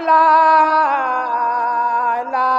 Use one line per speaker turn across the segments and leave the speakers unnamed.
la ilaha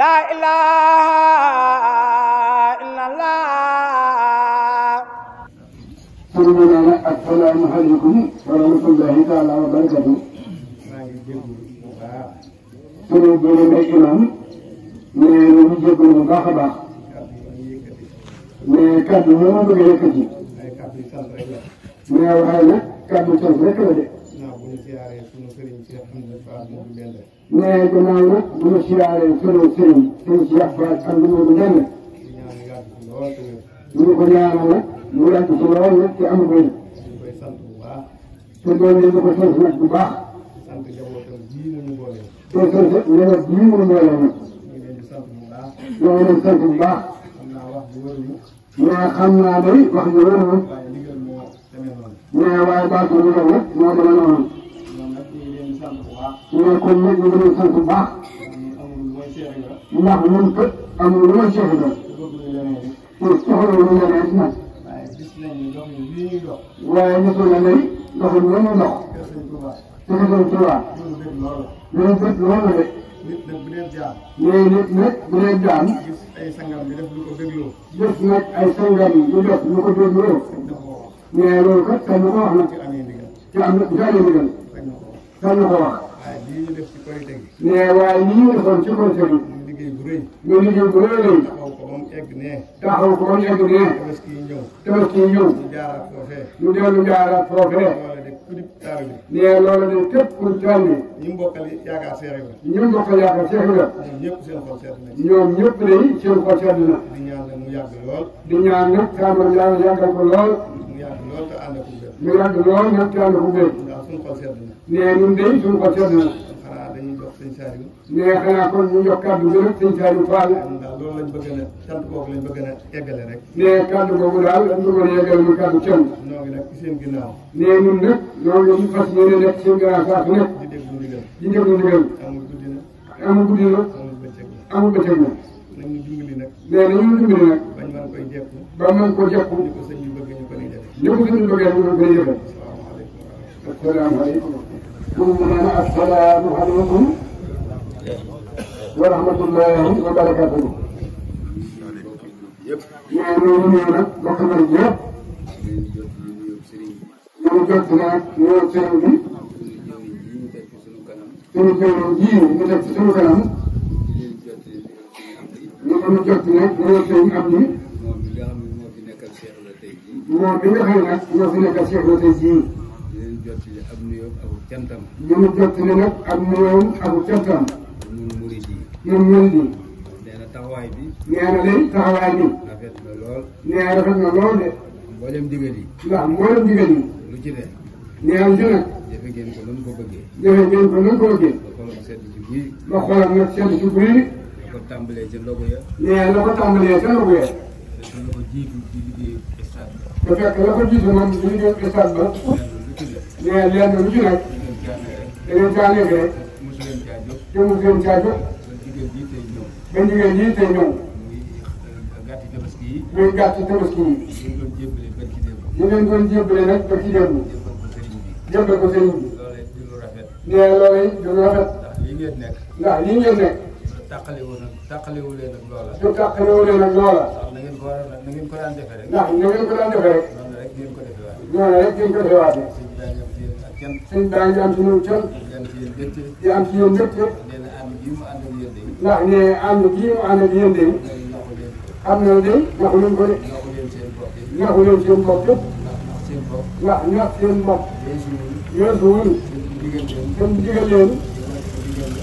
la ilaha illallah
sëriñ bi nee na assalaamu aleykum wa rahmatullahi taala wa barakatu sëriñ bi nee na imam nee na ñu jégalu bu baax a baax mais kàddu yi ma bëgg a yëkkati mais waxee nag kàddu sant rek la de mais gannaaw nag bu ma siyaaree sunu sëriñ sëriñ si yàq baat ak lu mu demee ñu ngi ko ñaanal nag mu yàgg ci lool nag te am ko te doon nañu ko sant nag bu baax te sant nawet bii mu mbooloo nag ñoo ngi leen sant bu baax mais xam naa day wax ñu wër moom mais waaye baatu bi nag moo dama noonu ñu ne kon nag ñu ngi leen sant bu baax. ndax ñun kat amul lu ma Cheikh Ibra. te soxla wu ñu leneen nag. waaye gis nañ ne ndox mi la ñuy dox. te ñu koy tubaab. loolu bët loolu la de. nit nag bu dee jaan. mais nit nag bu dee jaan. gis ay sangam bi def lu ko dégloo. gis nag ay sangam bi def lu ko dégloo.
mais loolu kat kan la ko wax nag. te am na jaay la ñu gën.
kan la ko wax. lii ñu def ci qualité gi. mais waaye lii ñu defoon ci qualité gi. muy liggéey bu rëy. muy liggéey bu rëy rëy. taxaw ko ba mu egg nee. taxaw ko ba mu egg nee. tabaski yi ñëw. tabaski yi ñëw. ñu jaaraat foofee. ñu dellu jaaraat foofee. loola de ku di taal bi. mais loola de képp ku taal bi. ñi
mbokkal yaakaar seex la. ñi mbokkal yaakaar seex la. ñoom ñëpp seen xol seet na. ñoom ñëpp de seen xol seet
na. di ñaan nag mu yàgg lool. di ñaan nag kàmbal yàlla yàggal ko lool. mu yàgg lool te ànd ak ñu yàgg lool ñàkk yàlla bu béy. waaw suñu xol sedd na. nee ñun de suñu xol sedd na. xanaa dañuy jox sëñ Saliou. nee xanaa kon ñu jox kàddu bi rek sëñ Saliou Fall. daal loolu lañ bëgg a cant googu lañ bëgg a eggale rek. nee kàddu googu daal lañ bëgg a eggale muy kàddu cant. ñoo ngi nag ci seen ginnaaw. nee ñun nag loolu la ñu fas yéene nekk seen ginnaaw saa su nekk. di déglu ndigal. di déglu ndigal. amul guddi na. amul guddi na. amul bëccëg na. amul bëccëg na. nañu dimbali nag. nee nañu dimbali nag. bañ man koy jekku. bañ man ko jekku. يمكن أن يكون بريقا السلام عليكم ثم السلام عليكم ورحمة الله وبركاته يعني نيونا بكم اليوم ñu jot naa ñëw sëriñ bi suñu
jëwriñ jii ñu def ci suñu kanam
ñu jot nag ñëw sëriñ am ni moom bi nga xam nag ñoo fi nekk Cheikh Mate Sy. ñu ngi jot ci ab nuyoom ak ub cantam. ñu ngi jot ci nag ak nuyoom ak ub cantam. ñun murid yi. ñun murid yi. nee na taxawaay bi. nee na de taxawaay bi. rafet na lool. nee na rafet na lool de. mboolem digal yi. ndax mboolem digal yi. lu ci de. nee na lu ci nag. jafe ngeen ko nan ko bëggee. jafe ngeen ko nan ko bëggee. ba xolam sedd ci guy. ba xolam nag sedd ci guy. la ko tàmbalee ca ndogu ya. nee na la ko tàmbalee ca ndogu ya. te la ko jiitu ci liggéey stade te fekk la ko jiitu moom li ñu doon stade ba mais lenn lu ci nekk da ngeen caa nekk rek te mosu leen caa jóg ba jigéen ñi tey ñëw muy gàtt tabaski yi ñu leen doon jébbale nag ba ci démb jébbal ko sëriñ bi mais loolee du rafet ndax lii ngeen nekk. tàqaliwu nag tàqaliwu leen ak loola. ñu tàqaliwu leen ak loola. ndax na ngeen ko waroon na
ngeen ko daan defee rek. ndax na ngeen ko daan defee rek.
noonu rek ngeen ko defee waat. noonu rek ngeen ko defee waat. suñ daa ngi am ci yéen ak cant. suñ daa ngi am ci ñoom cant. di am ci yéen mbégte. di am ci yéen mbégte. nee na ànd bii mu ànd ak yéen de. ndax nee ànd bii mu ànd ak yéen de. am na de naxu leen ko de. naxu leen seen bopp yëpp. ndax ndax seen bopp. yeesu wuñu. yeesu wuñu. seen digal leen. seen digal leen.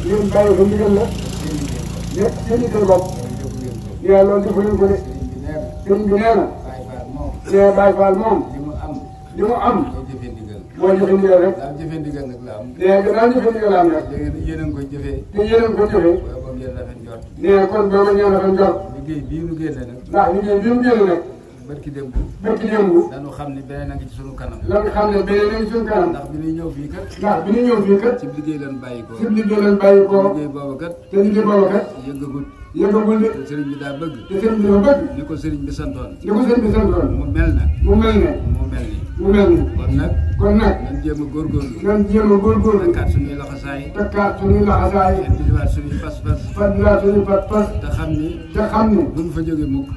ngeen bàyyi ko ndigal la. mais suñu kër bopp. yaa loolu defuñu ko de. sëñ bi nee na. mais Baye Fall moom. li mu am. mooy jëfe ndigal rek. daan jëfe ndigal nag la am. nee nga daan jëfe ndigal la am nag. yéen a ngi koy jëfee. te yéen a ngi koy jëfee. nee kon booba ñëw na fa njort. liggéey bii nu génne nag. ndax liggéey bii nu génne nag. barki démb. barki démb. dañu xam ne beneen a ngi ci sunu kanam. lan xam ne beneen a ngi ci sunu kanam. ndax bi ñuy ñëw fii kat. ndax bi ñuy ñëw fii kat. ci liggéey lan bàyyi ko. ci liggéey lan bàyyi ko. liggéey boobu kat. te liggéey boobu kat. yëngagul. yëngagul de. te sëriñ bi daa bëgg. te sëriñ bi daa bëgg. ni ko sëriñ bi santoon. ni ko sëriñ bi santoon. mu mel na. mu mel na mu mel nii. mu mel ni. kon nag. kon nag. nan jéem a góorgóorlu. nan jéem a góorgóorlu. takkaat suñuy laxasaay. takkaat suñuy laxasaay. fàttaliwaat suñuy pas-pas. fàttaliwaat suñuy pas-pas. te xam ni. te xam ni. duñ mukk.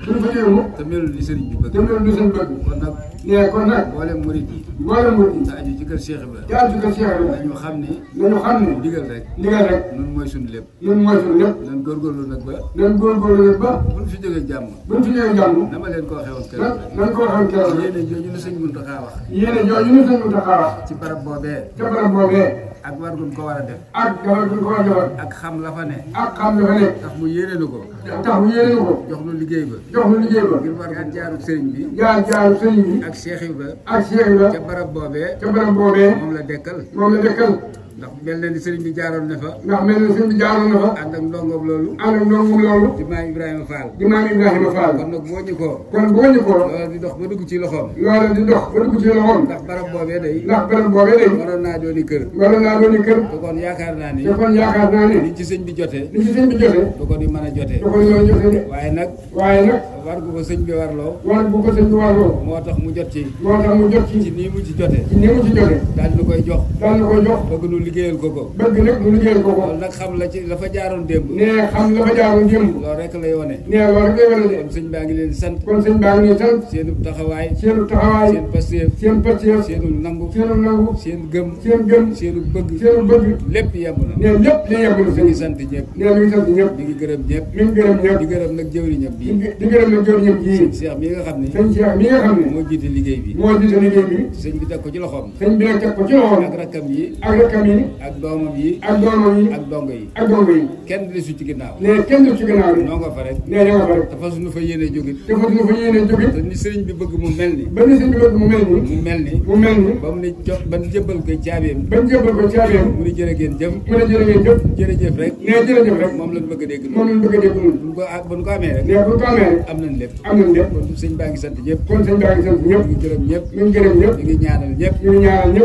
nee kon nag. mboolem murid yi. mboolem murid yi. te aju ci kër Cheikh Ibrahima. te aju ci kër Cheikh Ibrahima. nañu xam ne. nañu xam ne. lépp. ñun mooy nag ba. nañ góorgóorlu nag ba. buñ fi jógee jàmm. buñ fi jógee jàmm. dama leen koo xewoon kër. na nañ koo xewoon kër. yéen a jooju ne sëñ Muntaxa wax. yéen a jooju ne sëñ Muntaxa wax. ci barab boobee. ci barab boobee. ak war guñ ko war a def. ak war a xam la fa ne. ak xam la fa ne. tax mu yéene nu ko. tax mu yéene nu ko. jox nu liggéey ba. jox nu liggéey ba. ngir war ngaa jaaru sëriñ bi. jaar jaaru sëriñ bi. ak Cheikh Ibra. ak Cheikh Ibra. ca barab boobee. ca barab moom la dekkal. moom ndax mel na ni sëriñ bi jaaroon na fa ndax mel na ni sëriñ bi jaaroon na fa ànd ak ndongoom loolu ànd ak ndongoom loolu di maam Ibrahima Fall di maam Ibrahima Fall kon nag boo ñu ko boo ñu ko dooni kër waroon na dooni kër te koon yaakaar naa ni te kon yaakaar naa ci sëñ bi jotee li ci sëñ bi jotee du ko di mën a jotee du ko di mën waaye nag waaye nag war gu ko sëñ bi warloo. war gu ko sëñ bi warloo. moo tax mu jot ci. moo tax mu jot ci. ci nii mu ci jotee. ci nii mu ci jotee. daal di koy jox. daal di koy jox. bëgg nu liggéeyal ko ko. bëgg nag mu liggéeyal ko ko. loolu nag xam la ci la fa jaaroon démb. nee xam la fa jaaroon démb. loolu rek lay wane. nee loolu rek lay wane de. kon sëñ baa ngi leen di sant. kon sëñ baa ngi leen di sant. seenu taxawaay. seenu taxawaay. seen pasteef. seen pasteef. seenu nangu. seenu nangu. seen gëm. seen gëm. seenu bëgg. seenu bëgg. lépp yemb na. nee lépp la yemb na. ñu ngi sant ñëpp. nee ñu ngi sant ñëpp. ñu ngi gërëm ñëpp. ñu ngi gërëm ñëpp. di gërëm nag jëwriñam bi di gërëm dellu kër ñoom ji. sëñ Cheikh mi nga xam ne. sëñ Cheikh mi nga xam ne. moo jiite liggéey bi. moo jiite liggéey bi. sëñ bi teg ko ci loxoom. nag ci loxoom. ak rakkam yi. ak rakkam yi. ak doomam yi. ak doomam yi. ak dongo yi. ak dongo yi. kenn du ci ginnaaw. mais kenn du ci ginnaaw bi. nga fa rek. ni sëriñ bi bëgg mu mel ni. ba ni sëriñ bi bëgg mu mel ni. mu mel ni. mu mel ni. ba mu ne jo ba mu ba mu jëbbal ko ne jërë ngeen jëf. mu ne jërë ngeen jëf. jërëjëf rek. nee jërëjëf rek. moom lañ bëgg a dégg. moom lañ bëgg a dégg. bu ko amee rek. nee bu ko amee rek. am nañ lépp am nañ lépp kon sëñ baa ngi sant ñëpp kon sëñ baa ngi sant ñëpp ñu ngi gërëm ñëpp ñu ngi gërëm ñëpp ñu ngi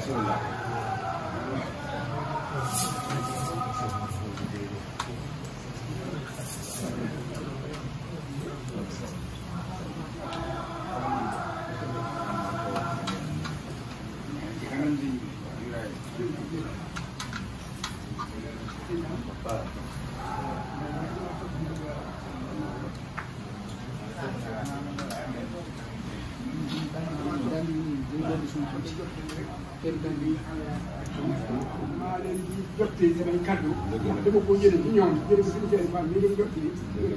bismillah kenn bi maa leen di jottali samay kaddu. dama ko jëlee ci ñoom jëlee ko suñu jëlee fan ñu doon jottali.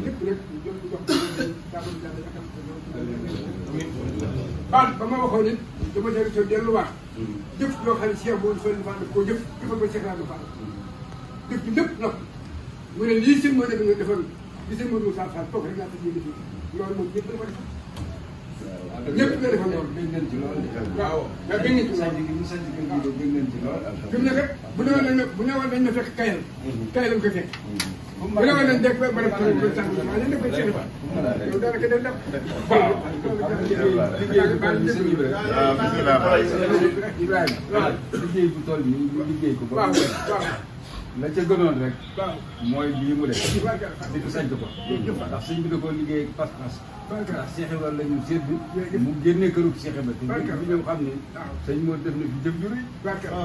lépp rek ñu jot ñu jox baat ba ma waxoon it dama dellu ca delluwaat. Hmm. jëf loo xam ne Cheikh boobu Sëriñ Fall daf koo jëf defal ko Cheikh Ibra Fall. Hmm. jëf bi lépp nag mu ne lii sëñ moo def nga defal li sëñ Modou Moussa Fall toog rek laa tëjee loolu moom ñëpp dafa def te ñëpp nga defal noonu. bëgg nañ ci lool. waaw nga bëgg nañ ci lool. bëgg nañ ci lool. fi mu ne kat bu newoon nañ la bu newoon nañ la fekk kayal. Mhm. kayal lañ ko fekk. bu newoon nañ dëkk ba ba def tool bi ba tànn maa leen def ba ci ba. yow daanaka day def. waaw. liggéey bu tool bi sëñ bi rek. waaw bisimilah. Ibrahima. waaw liggéey bu tool bi ñu liggéey ko. waaw waaw. la ca gënoon rek. waaw mooy lii mu def. di ko sant ko. ndax sëñ bi da koo liggéey pas-pas barka Cheikh Ibrahima la ñu seetlu. mu génnee këru Cheikh Ibrahima. barka te ñun ñoo xam ne. waaw sëñ moo def na fi jëf ju rëy. barka ah.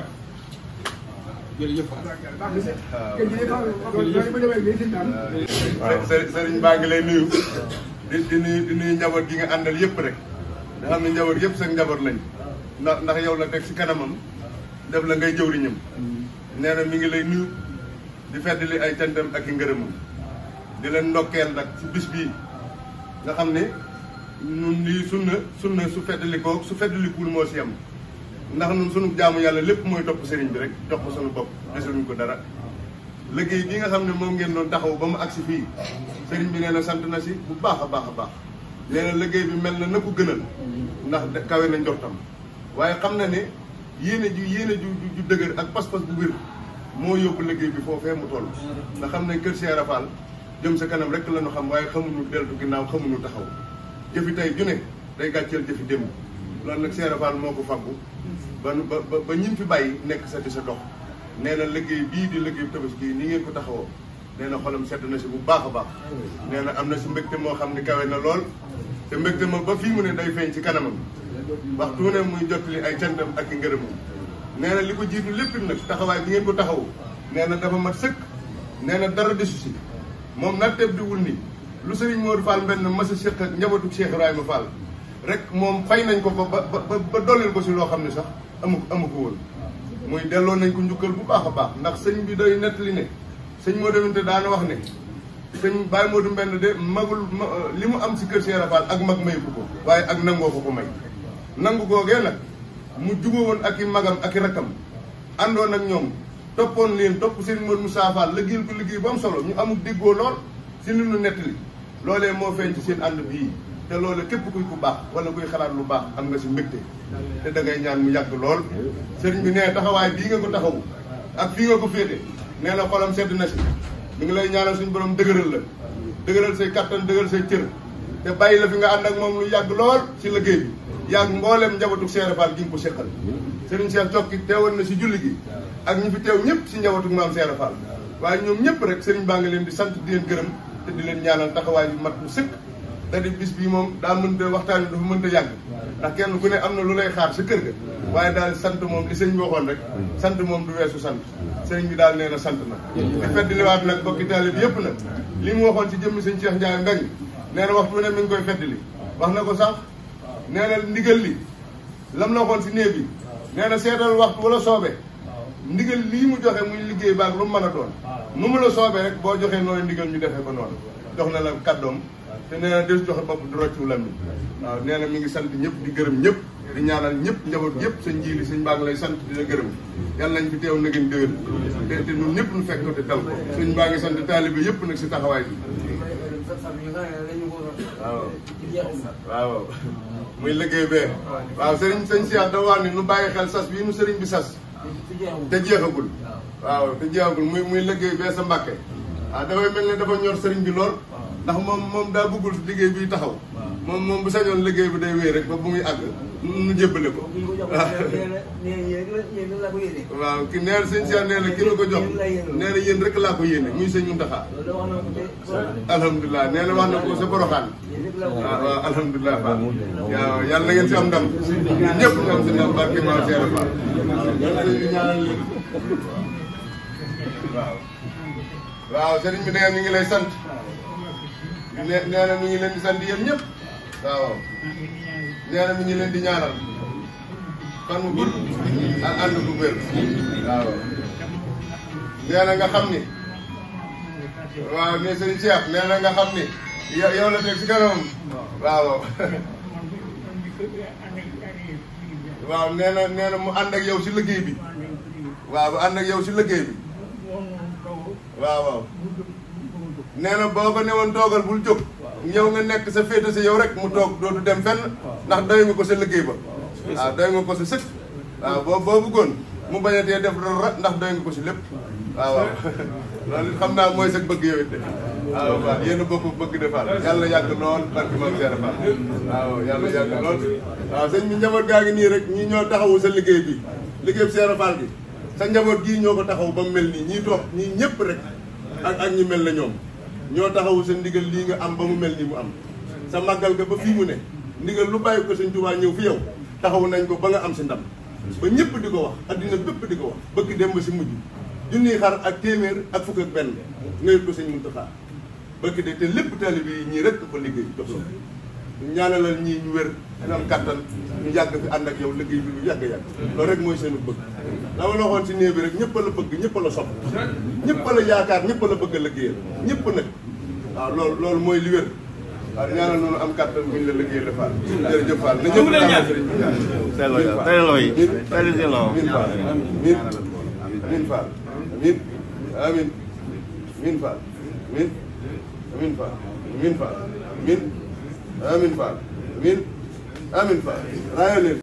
ah. Ah. ngi lay nuyu.
di di nuyu njaboot gi nga àndal yëpp rek. nga xam ne njaboot yëpp seen njaboot lañ. ndax ndax yow la teg si kanamam. def la ngay jëw nee na mi ngi lay nuyu. di feddali ay cantam ak i ngërëmam. di leen ndokkeel nag ci bis bii. nga xam ne ñun lii sunna sunna su feddalikoo su feddalikul moo si ndax ñun sunu jaamu yàlla lépp mooy topp sëriñ bi rek jox ko sunu bopp desaluñ ko dara liggéey bi nga xam ne moom ngeen doon taxaw ba mu agsi fii sëriñ bi nee na sant na si bu baax a baax a baax nee na liggéey bi mel na na ko gënal ndax kawe na njortam waaye xam na ne yéene ju yéene ju ju dëgër ak pas-pas bu wér moo yóbbu liggéey bi foofee mu toll nga xam ne kër Cheikh Rafal jëm sa kanam rek la ñu xam waaye xamuñu deltu ginnaaw xamuñu taxaw jëfi tay ju ne day gàcceel jëfi démb loolu nag seere Faal moo ko faggu ba ba ba ñin fi bàyyi nekk sa di sa dox nee na liggéey bii di liggéey Tabaski nii ngeen ko taxawoo nee na xolam sedd na bu baax a baax nee na am na si mbégte moo xam ne kawe na lool te mbégte ba fii mu ne day feeñ ci kanamam waxtu ne muy jottali ay cantam ak i ngërëmam nee na li ko jiitu lépp nag taxawaay bi ngeen ko taxaw nee na dafa mag sëkk nee na dara desu si moom nag tëb diwul ni lu Serigne Modou Fall mbenn masa séq ak njabootu Cheikh Ibrahima Fall rek moom fay nañ ko ko ba ba dollil ko si loo xam ne sax amu amu ko woon muy delloo nañ ko njukkal bu baax a baax ndax sëñ bi doy nettali ne sëñ Modou Mbenn daana wax ne sëñ Baye Modou Mbenn de magul li mu am si kër Cheikh Ibra Fall ak mag mayu ko ko waaye ak nangoo ko ko may nangu googee nag mu jubóo woon ak i magam ak i rakkam àndoon ak ñoom toppoon leen topp seen mën Moussa Fall liggéeyal ko liggéey ba mu solo ñu amul déggoo lool si li ñu nettali loolee moo feeñ ci seen ànd bii te loole képp kuy ku baax wala kuy xalaat lu baax am nga si mbégte te da ngay ñaan mu yàgg lool sëriñ bi nee taxawaay bii nga ko taxawu ak fii nga ko féete nee na xolam sedd na si mi ngi lay ñaanal suñu borom dëgëral la dëgëral say kattan dëgëral say cër te bàyyi la fi nga ànd ak moom lu yàgg lool si liggéey bi yaag mboolem njabootu Cheikh Fall gi nga ko seqal Serigne Cheikh Tokki teewoon na si julli gi ak ñi fi teew ñëpp ci njabootu maam Cheikh Fall waaye ñoom ñëpp rek Serigne baa ngi leen di sant di leen gërëm te di leen ñaanal taxawaay bi mat bu sëkk da di bis bii moom daa mënta waxtaan dafa mënta yàgg ndax kenn ku ne am na lu lay xaar sa kër ga waaye daal sant moom li sëñ bi waxoon rek sant moom du weesu sant sëñ bi daal nee na sant na di fedd liwaat yëpp nag li mu waxoon si jëmmi sëñ Cheikh Ndiaye Mbengue nee na waxtu koy fedd li wax nee na ndigal li lam la waxoon si néeg bi nee na seetal waxtu wala soobe ndigal lii mu joxe muy liggéey baag lu mu mën a doon nu mu la soobee rek boo joxee nooy ndigal ñu defee ko noonu jox na la kàddoom te nee na des joxe bopp du roccu lam ni waaw nee na mi ngi sant ñëpp di gërëm ñëpp di ñaanal ñëpp njaboot yëpp sa njiili suñ baa lay sant di la gërëm yàlla nañ fi teew na ngeen déwén te te ñun ñëpp ñu fekk te dal ko suñ baa ngi sant taalibe yëpp nag si taxawaay bi waaw waaw muy liggéey bee waaw sëriñ sëñ Cheikh da wax ni nu bàyyi xel sas bii nu sëriñ bi sas te jeexagul waaw te jeexagul muy muy liggéey bee sa mbàkke waaw dafay mel ni dafa ñor sëriñ bi lool ndax moom moom daa bëggul liggéey bi taxaw moom moom bu sañoon liggéey bi day wéy rek ba bu muy àgg nu jébbale ko. waaw ki neen sëñ Cheikh nee na ki la ko jox nee na yéen rek laa ko yéene muy sëñ Mountakha. alhamdulilah nee na wax na ko sa boroxaan. Ah, waaw waaw alhamdulilah Fall. waaw yàlla ngeen si am ndam. ñëpp ñu am si ndam barke Maam Cheikh Fall. waaw. waaw sëriñ bi nee na ngi lay sant. nee na ñu ngi ñëpp. waaw nee na mi ngi leen di ñaanal mu gudd ak ànd bu wér waaw nee na nga xam ni waaw mais sëñ Cheikh nee na nga xam ni yow la teg si kanam waaw waaw nee na mu ànd ak yow si liggéey bi waaw bu ànd ak yow si liggéey bi waaw waaw nee na boo ko newoon toogal bul jóg ñëw nga nekk sa féete si yow rek mu toog dootu dem fenn ndax doy nga ko sa liggéey ba waaw doy nga ko sa sëkk waaw boo boo bëggoon mu bañ a tee def dara ndax doy nga ko si lépp waaw waaw loolu xam naa mooy sa bëgg yow it de waaw yéen a bokk bëgg defal yàlla yàgg lool barke maam Cheikh Fall waaw yàlla yàgg lool waaw sëñ bi njaboot gaa ngi nii rek ñi ñoo taxawu sa liggéey bi liggéey bi Cheikh Fall bi sa njaboot gii ñoo ko taxaw ba mu mel nii ñii toog ñii ñëpp rek ak ak ñu mel na ñoo ñoo taxawu sa ndigal lii nga am ba mu mel nii mu am sa màggal ga ba fii mu ne ndigal lu bàyyi ko sëñ Tuubaa ñëw fi yow taxaw nañ ko ba nga am si ndam ba ñëpp di ko wax addina bépp di ko wax bëgg dem ba si mujj junniy xar ak téeméer ak fukk benn ngayut ko sëñ Muntaxaa bëgg de te lépp taalibe yi ñii rek ko liggéey jox so ñaanalal ñii ñu wér ñu am kattan ñu yàgg fi ànd yow liggéey bi yàgg loolu rek mooy seenu bëgg dama la waxoon si néew bi rek ñëpp a la bëgg ñëpp a la sopp ñëpp a la yaakaar ñëpp a la bëgg a liggéeyal ñëpp nag waaw loolu loolu mooy li wér waaw ñaanal noonu am kàttan bu ñu la la Fall jërëjëf Fall na jëf ñaan sëriñ bi ñaan teelo yi teelo min Fall min min Fall min amin min Fall min amin min Fall min amin min amin Fall rayo